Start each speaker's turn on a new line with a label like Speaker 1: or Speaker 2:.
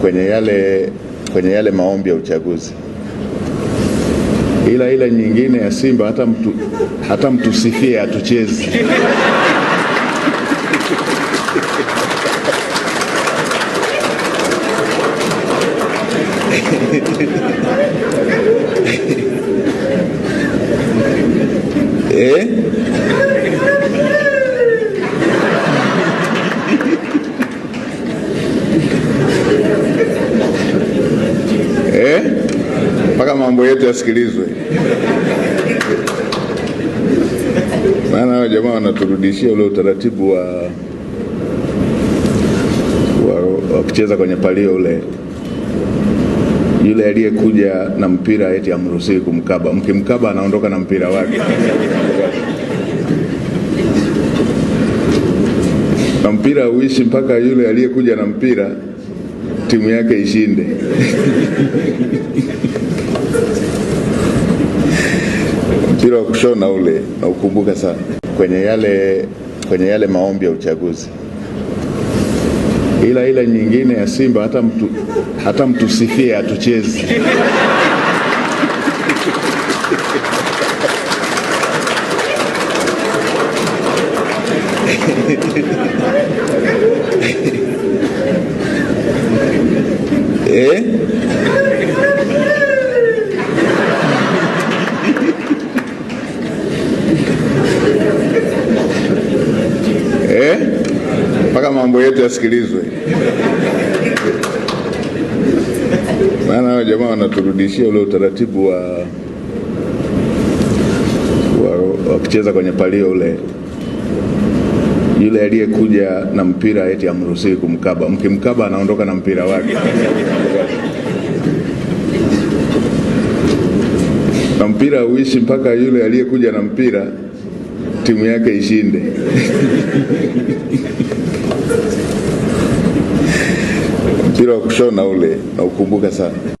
Speaker 1: kwenye yale, kwenye yale maombi ya uchaguzi, ila ile nyingine ya Simba hata, mtu, hata mtusifie hatuchezi eh? yote yasikilizwe, maana hao jamaa wanaturudishia ule utaratibu wa, wa, wa kucheza kwenye palio ule yule aliyekuja na mpira eti amruhusiwi kumkaba, mkimkaba anaondoka na mpira wake na mpira uishi mpaka yule aliyekuja na mpira timu yake ishinde Mpira wa kushona ule naukumbuka sana kwenye yale, kwenye yale maombi ya uchaguzi, ila ila nyingine ya Simba hata mtu, hata mtusifie hatuchezi eh? yetu yasikilizwe, maana hao jamaa wanaturudishia ule utaratibu wa, wa, wa kucheza kwenye palio ule yule aliyekuja na mpira eti amruhusiwi kumkaba, mkimkaba anaondoka na mpira wake na mpira uishi mpaka yule aliyekuja na mpira timu yake ishinde. Mpira wa kushona ule naukumbuka sana.